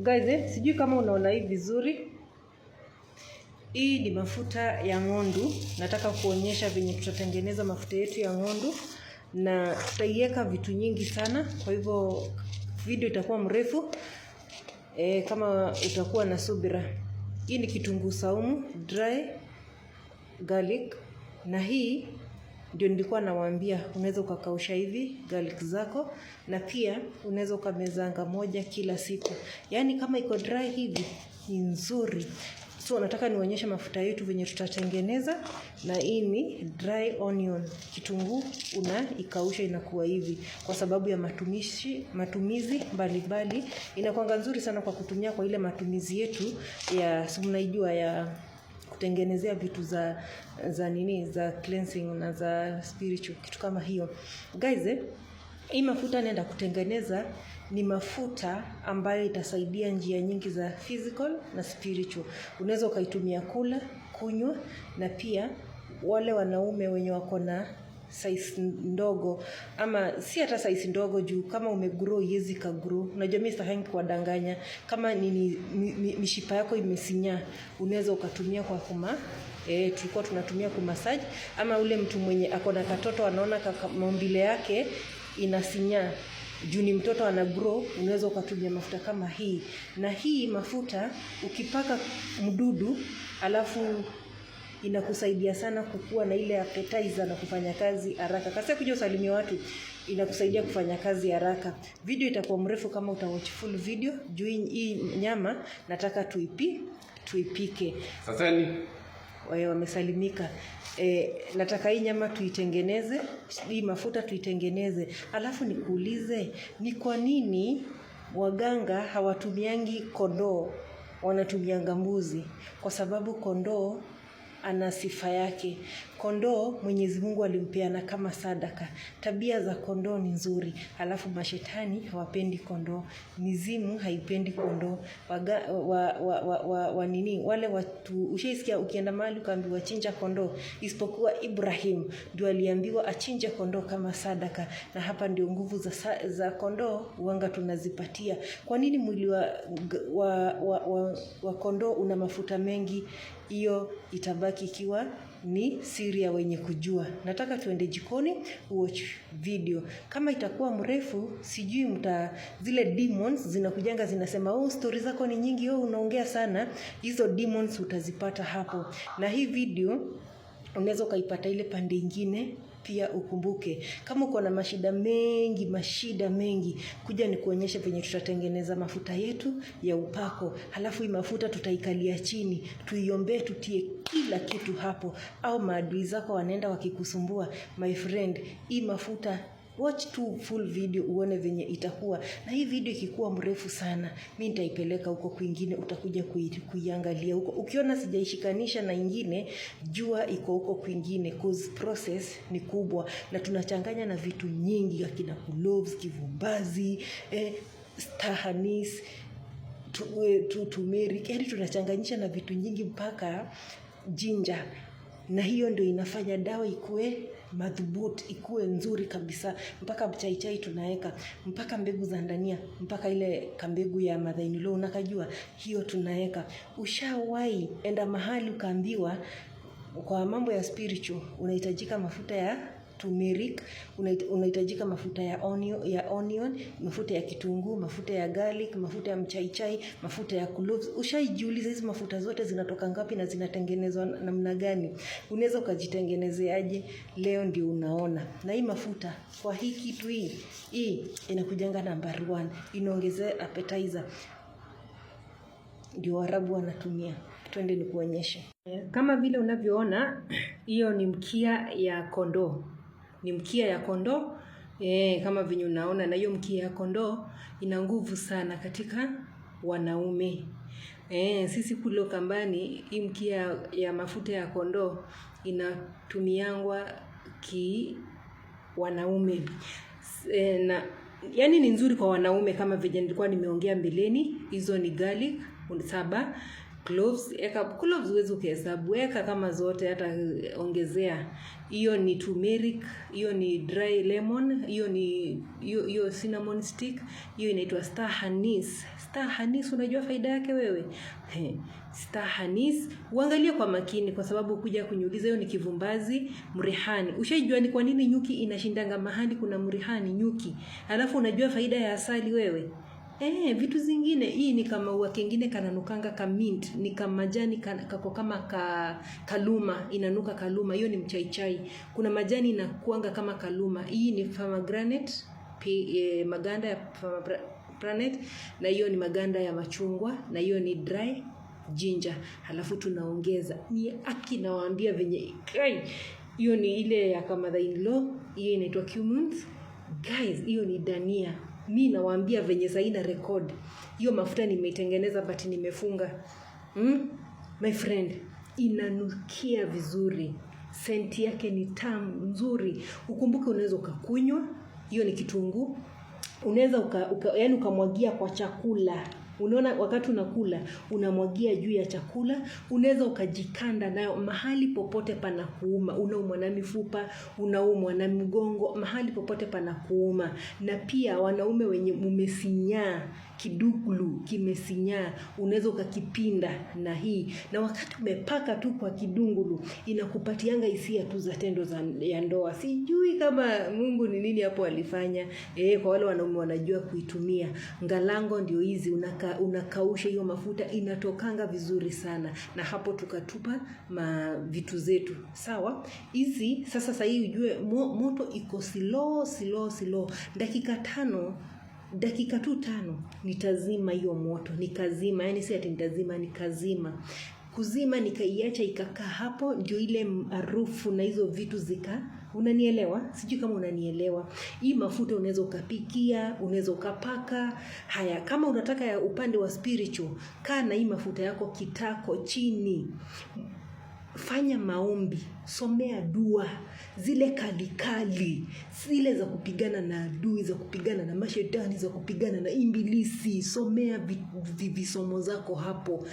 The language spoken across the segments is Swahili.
Guys, eh, sijui kama unaona hii vizuri. Hii ni mafuta ya ng'ondu. Nataka kuonyesha venye tutatengeneza mafuta yetu ya ng'ondu na tutaiweka vitu nyingi sana, kwa hivyo video itakuwa mrefu e, kama utakuwa na subira. Hii ni kitunguu saumu, dry garlic na hii ndio nilikuwa nawaambia unaweza ukakausha hivi garlic zako, na pia unaweza ukamezanga moja kila siku, yaani kama iko dry hivi ni nzuri. So nataka nionyeshe mafuta yetu venye tutatengeneza, na hii ni dry onion. Kitunguu ikausha inakuwa hivi, kwa sababu ya matumishi matumizi mbalimbali. inakwanga nzuri sana kwa kutumia kwa ile matumizi yetu ya si ya kutengenezea vitu za za nini za cleansing na za spiritual kitu kama hiyo guys eh, hii mafuta naenda kutengeneza ni mafuta ambayo itasaidia njia nyingi za physical na spiritual. Unaweza ukaitumia kula, kunywa na pia wale wanaume wenye wako na size ndogo ama si hata size ndogo juu kama umegrow yezi ka grow unajua mi sitakangi kuwadanganya kama nini mishipa yako imesinyaa unaweza ukatumia kwa kuma E, tulikuwa tunatumia kumasaji ama ule mtu mwenye ako na katoto anaona maumbile yake inasinyaa juu ni mtoto ana grow unaweza ukatumia mafuta kama hii na hii mafuta ukipaka mdudu alafu inakusaidia sana kukuwa na ile appetizer na kufanya kazi haraka. Kasi kuja usalimia watu inakusaidia kufanya kazi haraka. Video itakuwa mrefu kama utawatch full video juu hii nyama nataka tuipi tuipike. Sasa ni wamesalimika e, nataka hii nyama tuitengeneze, hii mafuta tuitengeneze. Alafu nikuulize, ni kwa nini waganga hawatumiangi kondoo, wanatumianga mbuzi? Kwa sababu kondoo ana sifa yake. Kondoo Mwenyezi Mungu alimpeana kama sadaka. Tabia za kondoo ni nzuri, alafu mashetani hawapendi kondoo, mizimu haipendi kondoo. Waga, wa, wa, wa, wa, wa nini wale watu ushaisikia, ukienda mahali ukaambiwa chinja kondoo, isipokuwa Ibrahim ndio aliambiwa achinje kondoo kama sadaka, na hapa ndio nguvu za, za kondoo uanga tunazipatia. Kwa nini mwili wa, wa, wa, wa, wa kondoo una mafuta mengi? Hiyo itabaki ikiwa ni siri ya wenye kujua. Nataka tuende jikoni watch video. Kama itakuwa mrefu, sijui mta zile demons zinakujanga zinasema, "Oh, story zako ni nyingi, oh unaongea sana." Hizo demons utazipata hapo. Na hii video unaweza ukaipata ile pande ingine pia ukumbuke kama uko na mashida mengi mashida mengi kuja ni kuonyesha venye tutatengeneza mafuta yetu ya upako halafu hii mafuta tutaikalia chini tuiombee tutie kila kitu hapo au maadui zako wanaenda wakikusumbua my friend hii mafuta watch tu full video uone venye itakuwa na hii video ikikuwa mrefu sana mi nitaipeleka huko kwingine utakuja kuiangalia huko ukiona sijaishikanisha na ingine jua iko huko kwingine cause process ni kubwa na tunachanganya na vitu nyingi akina gloves kivumbazi eh, stahanis eh, turmeric yani tunachanganyisha na vitu nyingi mpaka jinja na hiyo ndio inafanya dawa ikuwe madhubuti ikuwe nzuri kabisa mpaka chaichai tunaweka mpaka mbegu za ndania mpaka ile kambegu ya madhainilo unakajua hiyo tunaweka ushawahi enda mahali ukaambiwa kwa mambo ya spiritual unahitajika mafuta ya turmeric unahitajika mafuta ya onion, ya onion mafuta ya kitunguu mafuta ya garlic mafuta ya mchaichai mafuta ya cloves ushaijiuliza hizi mafuta zote zinatoka ngapi na zinatengenezwa namna gani unaweza ukajitengenezeaje leo ndio unaona na hii mafuta kwa hii kitu hii hii inakujenga number 1 inaongezea appetizer ndio warabu wanatumia twende nikuonyeshe kama vile unavyoona hiyo ni mkia ya kondoo ni mkia ya kondoo e, kama venye unaona, na hiyo mkia ya kondoo ina nguvu sana katika wanaume. E, sisi kule kambani hii mkia ya mafuta ya kondoo inatumiangwa ki wanaume e, na yani ni nzuri kwa wanaume kama vile nilikuwa nimeongea mbeleni. Hizo ni garlic saba gloves eka gloves huwezi ukihesabu weka kama zote hata ongezea hiyo ni turmeric hiyo ni dry lemon hiyo ni hiyo cinnamon stick hiyo inaitwa star hanis star hanis unajua faida yake wewe He. star hanis uangalie kwa makini kwa sababu kuja kuniuliza hiyo ni kivumbazi mrihani ushaijua ni kwa nini nyuki inashindanga mahali kuna mrihani nyuki alafu unajua faida ya asali wewe eh, vitu zingine hii ni kama ua kengine kananukanga ka mint ni kama majani kako kama ka, kaluma inanuka kaluma hiyo ni mchaichai kuna majani inakuanga kama kaluma hii ni pomegranate pe, eh, maganda ya pomegranate na hiyo ni maganda ya machungwa na hiyo ni dry ginger, halafu tunaongeza ni aki nawaambia venye kai hiyo ni ile ya law, hiyo inaitwa cumin. guys hiyo ni dania mi nawaambia venye zaina rekodi hiyo mafuta nimeitengeneza bati nimefunga mm? my friend inanukia vizuri senti yake ni tamu nzuri ukumbuke unaweza ukakunywa hiyo ni kitunguu unaweza uka, uka, yani ukamwagia kwa chakula Unaona, wakati unakula unamwagia juu ya chakula, unaweza ukajikanda nayo mahali popote pana kuuma. Unaumwa na mifupa, unaumwa na mgongo, mahali popote pana kuuma. Na pia wanaume wenye mumesinyaa kiduglu kimesinyaa, unaweza ukakipinda na hii, na wakati umepaka tu kwa kidungulu inakupatianga hisia tu za tendo za ya ndoa. Sijui kama Mungu ni nini hapo alifanya. E, kwa wale wanaume wanajua kuitumia ngalango, ndio hizi unaka, unakausha hiyo mafuta inatokanga vizuri sana, na hapo tukatupa ma vitu zetu sawa. Hizi sasa sasa, hii ujue moto iko silo silo silo, dakika tano dakika tu tano nitazima hiyo moto nikazima yani si ati nitazima nikazima kuzima nikaiacha ikakaa hapo ndio ile harufu na hizo vitu zika unanielewa sijui kama unanielewa hii mafuta unaweza ukapikia unaweza ukapaka haya kama unataka ya upande wa spiritual kaa na hii mafuta yako kitako chini fanya maombi somea dua zile kalikali zile za kupigana na adui za kupigana na mashetani za kupigana na imbilisi somea visomo zako hapo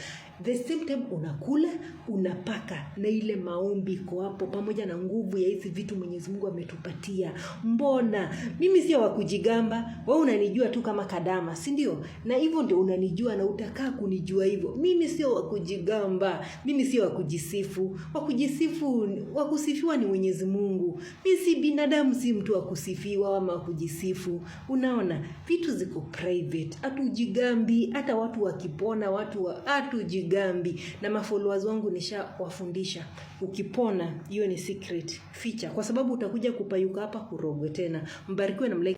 the same time unakula unapaka na ile maombi iko hapo pamoja na nguvu ya hizi vitu mwenyezi mungu ametupatia mbona mimi sio wakujigamba we unanijua tu kama kadama si ndio na hivyo ndio unanijua na utakaa kunijua hivyo mimi sio wakujigamba mimi sio wakujisifu wakujisifu wa kusifiwa ni Mwenyezi Mungu. Mi si binadamu, si mtu wa kusifiwa ama kujisifu. Unaona, vitu ziko private, hatujigambi. Hata watu wakipona, watu wa hatujigambi. Na mafollowers wangu nishawafundisha, ukipona hiyo ni secret, ficha, kwa sababu utakuja kupayuka hapa kurogwe tena. Mbarikiwe na mlike.